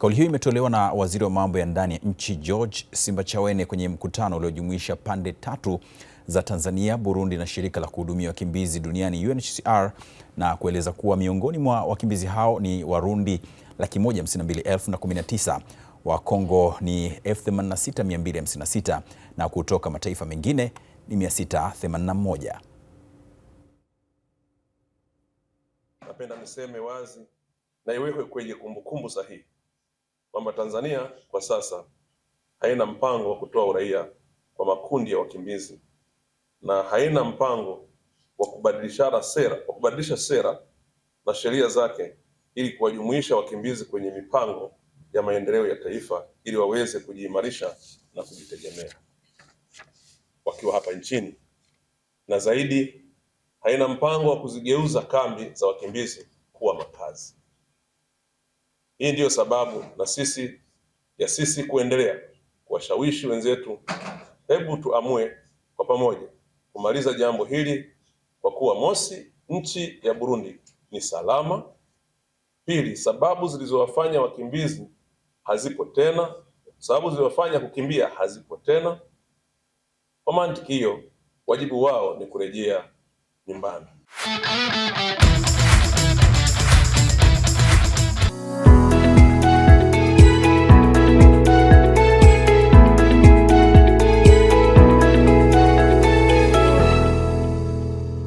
Kauli hiyo imetolewa na waziri wa mambo ya ndani ya nchi George Simbachawene kwenye mkutano uliojumuisha pande tatu za Tanzania, Burundi na shirika la kuhudumia wakimbizi duniani UNHCR, na kueleza kuwa miongoni mwa wakimbizi hao ni Warundi 152,019 wa Kongo ni 86,256 na kutoka mataifa mengine ni 681. Napenda niseme wazi na iwekwe kwenye kumbukumbu sahihi kwamba Tanzania kwa sasa haina mpango wa kutoa uraia kwa makundi ya wakimbizi na haina mpango wa kubadilishana sera, wa kubadilisha sera na sheria zake ili kuwajumuisha wakimbizi kwenye mipango ya maendeleo ya taifa ili waweze kujiimarisha na kujitegemea wakiwa hapa nchini, na zaidi haina mpango wa kuzigeuza kambi za wakimbizi kuwa makazi. Hii ndiyo sababu na sisi ya sisi kuendelea kuwashawishi wenzetu, hebu tuamue kwa pamoja kumaliza jambo hili, kwa kuwa mosi, nchi ya Burundi ni salama; pili, sababu zilizowafanya wakimbizi hazipo tena, sababu zilizowafanya kukimbia hazipo tena. Kwa mantiki hiyo, wajibu wao ni kurejea nyumbani.